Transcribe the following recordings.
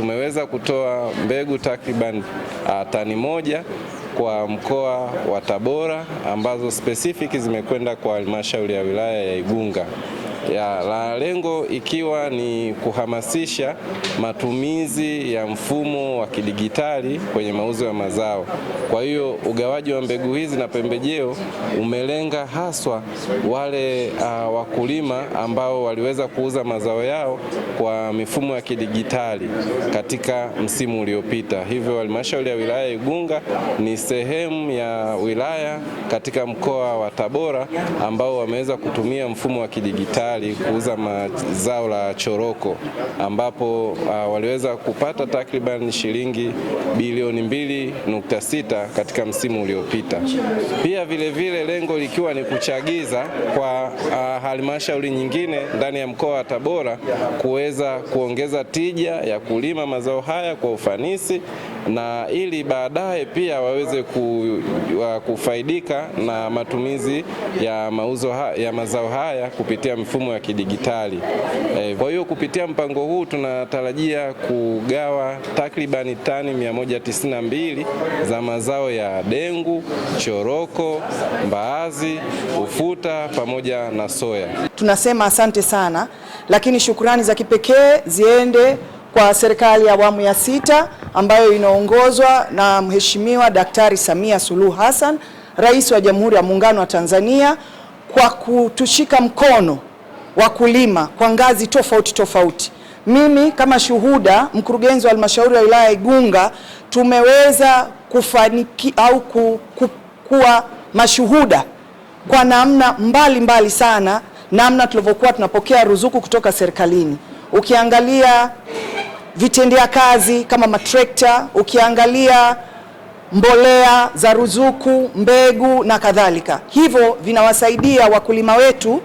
tumeweza kutoa mbegu takriban ah, tani moja kwa mkoa wa Tabora ambazo specific zimekwenda kwa halmashauri ya wilaya ya Igunga ya, la lengo ikiwa ni kuhamasisha matumizi ya mfumo wa kidigitali kwenye mauzo ya mazao. Kwa hiyo ugawaji wa mbegu hizi na pembejeo umelenga haswa wale uh, wakulima ambao waliweza kuuza mazao yao kwa mifumo ya kidigitali katika msimu uliopita. Hivyo halmashauri ya wilaya Igunga ni sehemu ya wilaya katika mkoa wa Tabora ambao wameweza kutumia mfumo wa kidigitali mbalimbali kuuza mazao la choroko ambapo uh, waliweza kupata takriban shilingi bilioni 2.6 katika msimu uliopita. Pia vile vile lengo likiwa ni kuchagiza kwa uh, halmashauri nyingine ndani ya mkoa wa Tabora kuweza kuongeza tija ya kulima mazao haya kwa ufanisi na ili baadaye pia waweze ku, wa kufaidika na matumizi ya mauzo ha, ya mazao haya kupitia mfumo ya kidigitali. E, kwa hiyo kupitia mpango huu tunatarajia kugawa takribani tani 192 za mazao ya dengu, choroko, mbaazi, ufuta pamoja na soya. Tunasema asante sana, lakini shukrani za kipekee ziende kwa serikali ya awamu ya sita ambayo inaongozwa na Mheshimiwa Daktari Samia Suluhu Hassan, Rais wa Jamhuri ya Muungano wa Tanzania, kwa kutushika mkono wakulima kwa ngazi tofauti tofauti. Mimi kama shuhuda, mkurugenzi wa halmashauri ya wilaya Igunga, tumeweza kufaniki au ku, ku, kuwa mashuhuda kwa namna mbalimbali mbali sana, namna tulivyokuwa tunapokea ruzuku kutoka serikalini. Ukiangalia vitendea kazi kama matrekta, ukiangalia mbolea za ruzuku, mbegu na kadhalika. Hivyo vinawasaidia wakulima wetu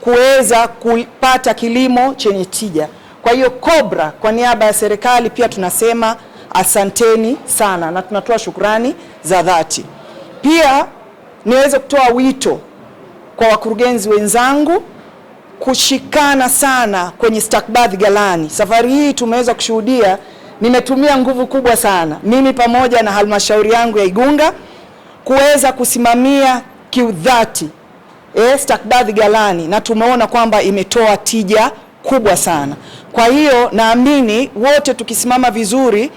kuweza kupata kilimo chenye tija. Kwa hiyo kobra kwa niaba ya serikali pia tunasema asanteni sana na tunatoa shukurani za dhati. Pia niweze kutoa wito kwa wakurugenzi wenzangu kushikana sana kwenye stakabadhi ghalani. Safari hii tumeweza kushuhudia, nimetumia nguvu kubwa sana mimi pamoja na halmashauri yangu ya Igunga kuweza kusimamia kiudhati e, stakabadhi ghalani na tumeona kwamba imetoa tija kubwa sana. Kwa hiyo naamini wote tukisimama vizuri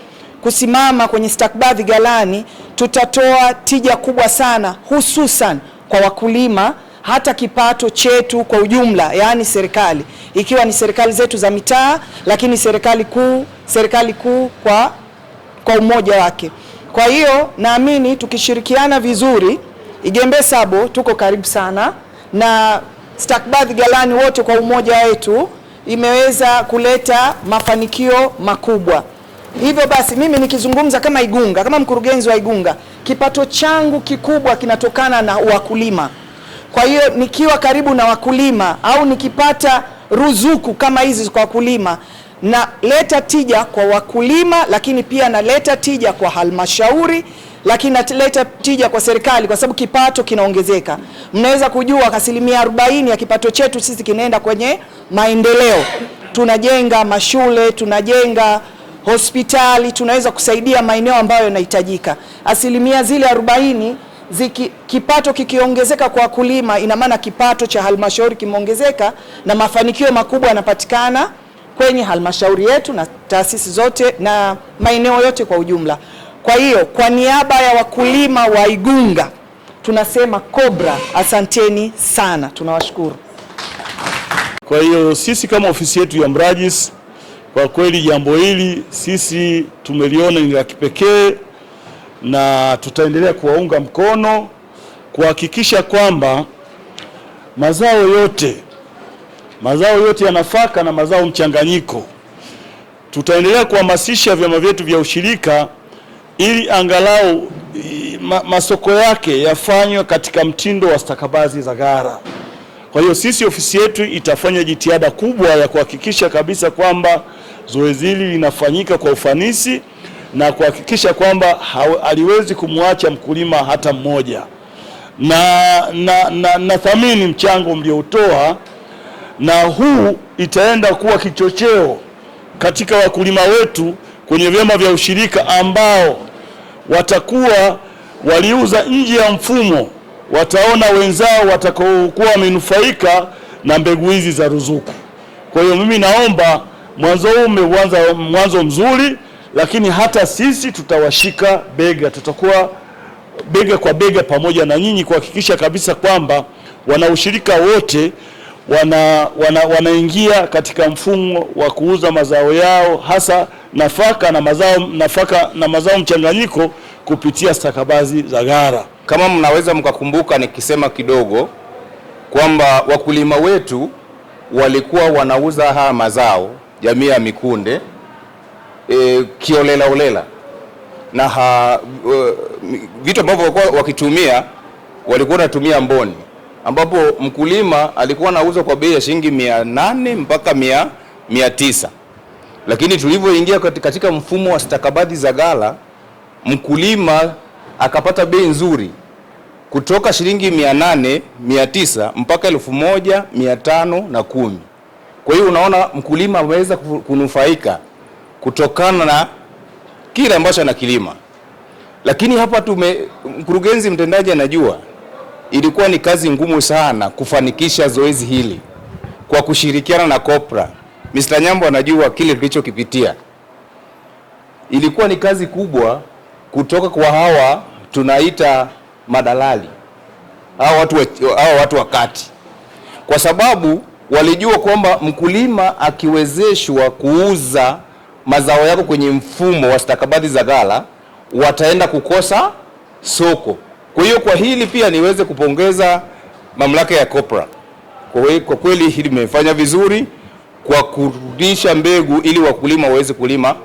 kusimama kwenye stakabadhi ghalani tutatoa tija kubwa sana hususan kwa wakulima hata kipato chetu kwa ujumla, yaani serikali ikiwa ni serikali zetu za mitaa, lakini serikali kuu, serikali kuu kwa, kwa umoja wake. Kwa hiyo naamini tukishirikiana vizuri, Igembe Sabo tuko karibu sana na stakabadhi galani wote kwa umoja wetu imeweza kuleta mafanikio makubwa. Hivyo basi mimi nikizungumza kama Igunga, kama mkurugenzi wa Igunga, kipato changu kikubwa kinatokana na wakulima. Kwa hiyo nikiwa karibu na wakulima au nikipata ruzuku kama hizi kwa wakulima, naleta tija kwa wakulima, lakini pia naleta tija kwa halmashauri, lakini naleta tija kwa serikali, kwa sababu kipato kinaongezeka. Mnaweza kujua asilimia 40 ya kipato chetu sisi kinaenda kwenye maendeleo, tunajenga mashule, tunajenga hospitali, tunaweza kusaidia maeneo ambayo yanahitajika. Asilimia zile 40 ziki, kipato kikiongezeka kwa wakulima, ina maana kipato cha halmashauri kimeongezeka na mafanikio makubwa yanapatikana kwenye halmashauri yetu na taasisi zote na maeneo yote kwa ujumla. Kwa hiyo kwa niaba ya wakulima wa Igunga tunasema kobra asanteni sana, tunawashukuru. Kwa hiyo sisi kama ofisi yetu ya Mrajis, kwa kweli jambo hili sisi tumeliona ni la kipekee na tutaendelea kuwaunga mkono kuhakikisha kwamba mazao yote mazao yote ya nafaka na mazao mchanganyiko, tutaendelea kuhamasisha vyama vyetu vya ushirika ili angalau eh, ma, masoko yake yafanywe katika mtindo wa stakabazi za gara. Kwa hiyo sisi ofisi yetu itafanya jitihada kubwa ya kuhakikisha kabisa kwamba zoezi hili linafanyika kwa ufanisi na kuhakikisha kwamba haliwezi kumwacha mkulima hata mmoja, na nathamini na, na mchango mlioutoa, na huu itaenda kuwa kichocheo katika wakulima wetu kwenye vyama vya ushirika ambao watakuwa waliuza nje ya mfumo, wataona wenzao watakaokuwa wamenufaika na mbegu hizi za ruzuku. Kwa hiyo mimi naomba mwanzo huu umeuanza mwanzo mzuri lakini hata sisi tutawashika bega, tutakuwa bega kwa bega pamoja na nyinyi kuhakikisha kabisa kwamba wanaushirika wote wana, wana, wanaingia katika mfumo wa kuuza mazao yao hasa nafaka na mazao, nafaka na mazao mchanganyiko kupitia stakabazi za gara. Kama mnaweza mkakumbuka nikisema kidogo kwamba wakulima wetu walikuwa wanauza haya mazao jamii ya mikunde e, kiolela olela na ha, e, vitu ambavyo walikuwa wakitumia walikuwa wanatumia mboni, ambapo mkulima alikuwa anauza kwa bei ya shilingi mia nane mpaka mia, mia tisa lakini tulivyoingia katika mfumo wa stakabadhi za ghala, mkulima akapata bei nzuri kutoka shilingi mia nane mia tisa mpaka elfu moja mia tano na kumi. Kwa hiyo unaona mkulima ameweza kunufaika kutokana na kile ambacho anakilima. Lakini hapa tume, mkurugenzi mtendaji anajua ilikuwa ni kazi ngumu sana kufanikisha zoezi hili kwa kushirikiana na Kopra. Mr. Nyambo anajua kile tulichokipitia, ilikuwa ni kazi kubwa kutoka kwa hawa tunaita madalali hawa watu, hawa watu wa kati, kwa sababu walijua kwamba mkulima akiwezeshwa kuuza mazao yako kwenye mfumo wa stakabadhi za ghala wataenda kukosa soko. Kwa hiyo kwa hili pia niweze kupongeza mamlaka ya COPRA kwa kweli, hili limefanya vizuri kwa kurudisha mbegu ili wakulima waweze kulima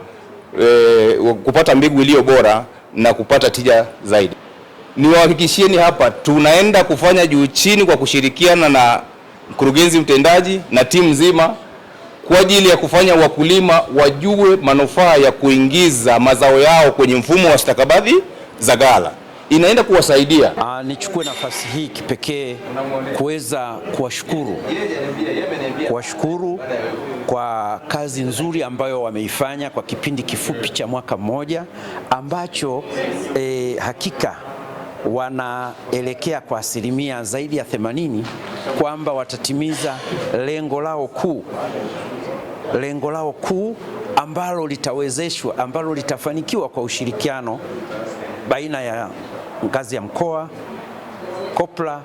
e, kupata mbegu iliyo bora na kupata tija zaidi. Niwahakikishieni hapa tunaenda kufanya juu chini kwa kushirikiana na mkurugenzi mtendaji na timu nzima kwa ajili ya kufanya wakulima wajue manufaa ya kuingiza mazao yao kwenye mfumo wa stakabadhi za ghala inaenda kuwasaidia. Ah, nichukue nafasi hii kipekee kuweza kuwashukuru kuwashukuru kwa kazi nzuri ambayo wameifanya kwa kipindi kifupi cha mwaka mmoja ambacho e, hakika wanaelekea kwa asilimia zaidi ya 80 kwamba watatimiza lengo lao kuu, lengo lao kuu ambalo litawezeshwa, ambalo litafanikiwa kwa ushirikiano baina ya ngazi ya mkoa, kopla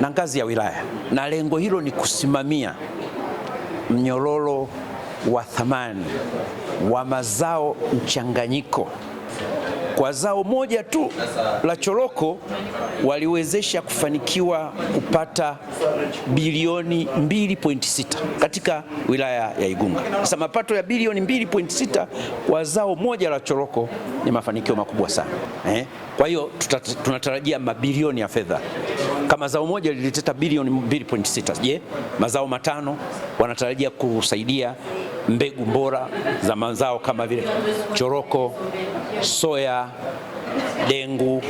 na ngazi ya wilaya, na lengo hilo ni kusimamia mnyororo wa thamani wa mazao mchanganyiko kwa zao moja tu la choroko waliwezesha kufanikiwa kupata bilioni 2.6 katika wilaya ya Igunga. Sasa mapato ya bilioni 2.6 kwa zao moja la choroko ni mafanikio makubwa sana eh. Kwa hiyo tunatarajia mabilioni ya fedha kama zao moja liliteta bilioni 2.6, je, mazao matano wanatarajia kusaidia mbegu bora za mazao kama vile choroko, soya, dengu,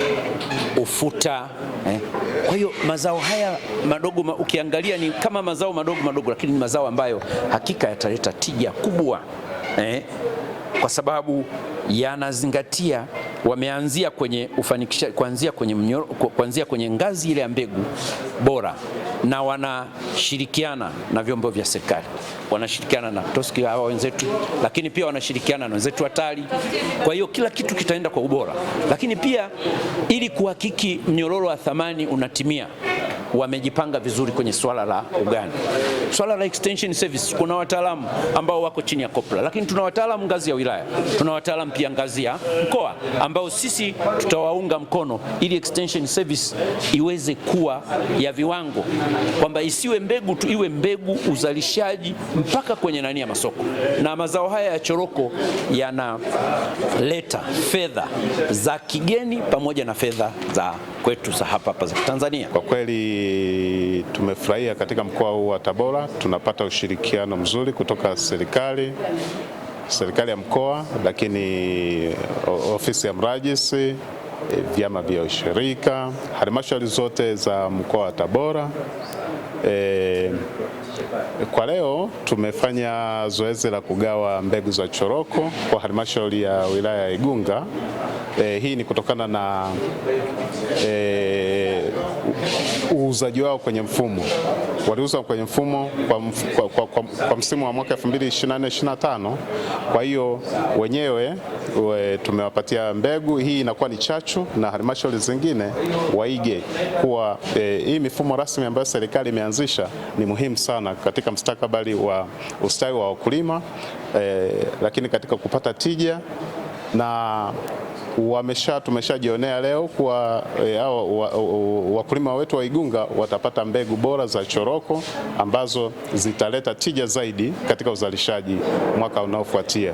ufuta eh. Kwa hiyo mazao haya madogo ma, ukiangalia ni kama mazao madogo madogo, lakini ni mazao ambayo hakika yataleta tija kubwa eh, kwa sababu yanazingatia wameanzia kwenye ufanikisha kuanzia kwenye, mnyoro, kuanzia kwenye ngazi ile ya mbegu bora, na wanashirikiana na vyombo vya serikali, wanashirikiana na TOSCI hawa wenzetu, lakini pia wanashirikiana na wenzetu wa TARI. Kwa hiyo kila kitu kitaenda kwa ubora, lakini pia ili kuhakiki mnyororo wa thamani unatimia wamejipanga vizuri kwenye swala la ugani. Swala la extension service, kuna wataalamu ambao wako chini ya kopla, lakini tuna wataalamu ngazi ya wilaya, tuna wataalamu pia ngazi ya mkoa ambao sisi tutawaunga mkono ili extension service iweze kuwa ya viwango, kwamba isiwe mbegu tu, iwe mbegu uzalishaji mpaka kwenye nani ya masoko. Na mazao haya ya choroko yanaleta fedha za kigeni pamoja na fedha za kwetu za hapa hapa za Tanzania. Kwa kweli tumefurahia katika mkoa huu wa Tabora, tunapata ushirikiano mzuri kutoka serikali serikali ya mkoa, lakini ofisi ya mrajisi eh, vyama vya ushirika halmashauri zote za mkoa wa Tabora. E, kwa leo tumefanya zoezi la kugawa mbegu za choroko kwa halmashauri ya wilaya ya Igunga. E, hii ni kutokana na e, uuzaji wao kwenye mfumo waliuzwa kwenye mfumo kwa, mf, kwa, kwa, kwa, kwa msimu wa mwaka 2024/25. Kwa hiyo wenyewe we, tumewapatia mbegu hii, inakuwa ni chachu na halmashauri zingine waige kuwa e, hii mifumo rasmi ambayo serikali imeanzisha ni muhimu sana katika mstakabali wa ustawi wa wakulima e, lakini katika kupata tija na wamesha tumeshajionea leo kuwa e, wakulima wetu wa Igunga watapata mbegu bora za choroko ambazo zitaleta tija zaidi katika uzalishaji mwaka unaofuatia.